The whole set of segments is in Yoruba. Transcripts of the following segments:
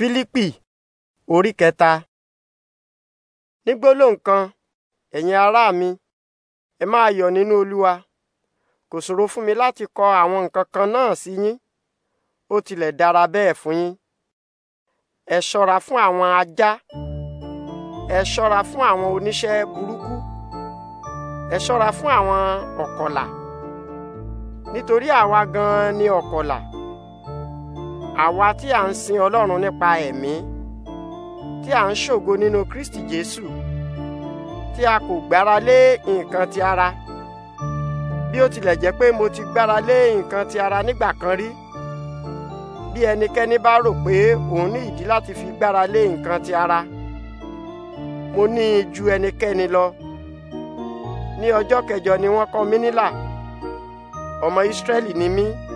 Filipi, orí kẹta. Ní gbólóhùn kan, ẹ̀yin ará mi, ẹ máa yọ̀ nínú Olúwa. Kò ṣòro fún mi láti kọ àwọn nǹkan kan náà sí yín. Ó tilẹ̀ dára bẹ́ẹ̀ fún yín. Ẹ ṣọ́ra fún àwọn ajá. Ẹ ṣọ́ra fún àwọn oníṣẹ́ burúkú. Ẹ ṣọ́ra fún àwọn ọ̀kọ̀là. Nítorí àwa gan-an ni ọ̀kọ̀là àwa tí à ń sin Ọlọ́run nípa ẹ̀mí tí à ń ṣògo nínú Kristi Jésù tí a kò gbára lé nǹkan ti ara bí ó tilẹ̀ jẹ́ pé mo ti gbára lé nǹkan ti ara nígbà kan rí bí ẹnikẹ́ni bá rò pé òun ní ìdí láti fi gbára lé nǹkan ti ara mo ní í ju ẹnikẹ́ni lọ ní ọjọ́ kẹjọ ni wọ́n kọ́ mi nílà ọmọ Ísírẹ́lì ni mí. Ni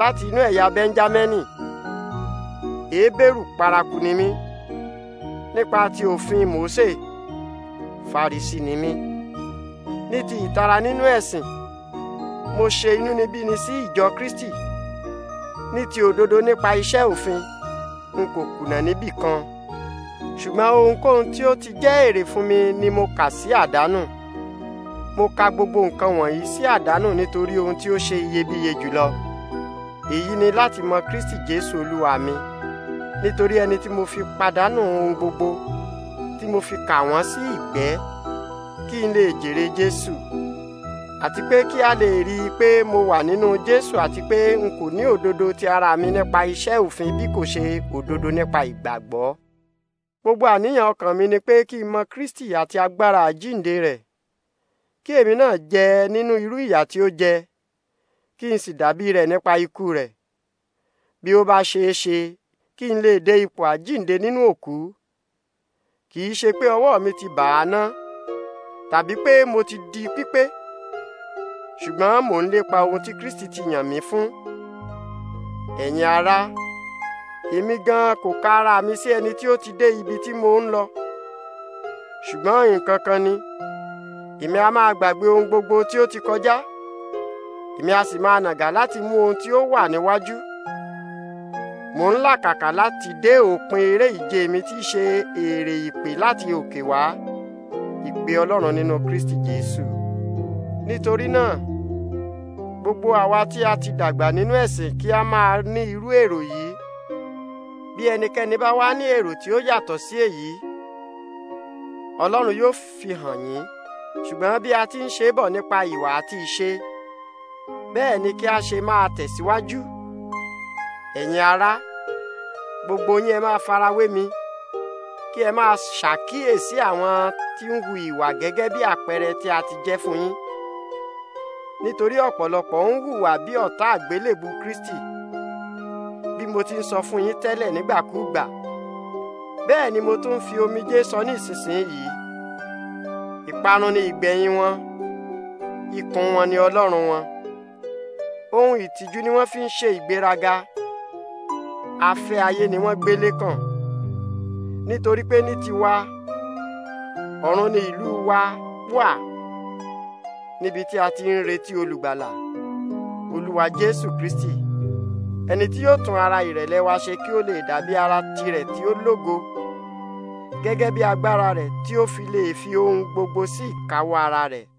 láti inú ẹ̀yà bẹ́ńjámẹ́nì èébèrú paraku ni mí nípa ti òfin Mósè Farisí ni mí ní ti ìtara nínú ẹ̀sìn mo ṣe inúnibíni sí ìjọ Kristi ní ti òdodo nípa iṣẹ́ òfin n kò kùnà níbì kan ṣùgbọ́n ohunkóhun tí ó ti jẹ́ èrè fún mi ni mo kà sí àdánù mo ka gbogbo nǹkan wọ̀nyí sí àdánù nítorí ohun tí ó ṣe iyebíye jùlọ èyí ni láti mọ Kristi Jésù Olúwa mi nítorí ẹni tí mo fi pàdánù ohun gbogbo tí mo fi kà wọ́n sí ìgbẹ́ kí n lè jèrè Jésù àti pé kí a lè rí i pé mo wà nínú Jésù àti pé n kò ní òdodo ti ara mi nípa iṣẹ́ òfin bí kò ṣe òdodo nípa ìgbàgbọ́ gbogbo àníyàn ọkàn mi ni pé kí n mọ Kristi àti agbára àjínde rẹ̀ kí èmi náà jẹ nínú irú ìyà tí ó jẹ kí n sì dàbí rẹ̀ nípa ikú rẹ̀ bí ó bá ṣeé ṣe kí n lè dé ipò àjínde nínú òkú kì í ṣe pé ọwọ́ mi ti bà á ná tàbí pé mo ti di pípé ṣùgbọ́n mò ń lépa ohun tí Kristi ti yàn mí fún ẹ̀yin ará èmi gan kò ka ara mi sí ẹni tí ó ti dé ibi tí mo ń lọ ṣùgbọ́n nǹkan kan ni èmi a máa gbàgbé ohun gbogbo tí ó ti kọjá èmi a sì máa nàgà láti mú ohun tí ó wà níwájú mò ń làkàkà láti dé òpin eré ìje mi tí í ṣe èrè ìpè láti òkè wá ìpè Ọlọ́run nínú Kristi Jésù nítorí náà gbogbo àwa tí a ti dàgbà nínú ẹ̀sìn kí a máa ní irú èrò yìí bí ẹnikẹ́ni bá wá ní èrò tí ó yàtọ̀ sí èyí Ọlọ́run yóò fi hàn yín ṣùgbọ́n bí a ti ń ṣe bọ̀ nípa ìwà àti ìṣe bẹ́ẹ̀ ni kí a ṣe máa tẹ̀síwájú ẹ̀yin ará gbogbo yín ẹ máa farawé mi kí ẹ máa ṣàkíyèsí àwọn tí ń hu ìwà gẹ́gẹ́ bí àpẹẹrẹ tí a ti jẹ́ fún yín nítorí ọ̀pọ̀lọpọ̀ ń hùwà bí ọ̀tá àgbélébù Kristi bí mo ti ń sọ fún yín tẹ́lẹ̀ nígbàkúùgbà bẹ́ẹ̀ ni mo tún fi omijé sọ ní ìsinsìnyí ìparun ni ìgbẹ̀yìn wọn ikùn wọn ni ọlọ́run wọn ohun ìtìjú ni wọ́n fi ń ṣe ìgbéraga afẹ́ ayé ni wọ́n gbélé kàn nítorí pé ní tiwa ọ̀run ni ìlú wa wà níbi tí a ti ń retí olùgbàlà olúwa jésù kristi ẹni tí yóò tún ara ìrẹ̀lẹ̀ wa ṣe kí ó lè dàbí ara tirẹ̀ tí ó lógo gẹ́gẹ́ bí agbára rẹ̀ tí ó fi lè fi ohun gbogbo sí ìkáwọ́ ara rẹ̀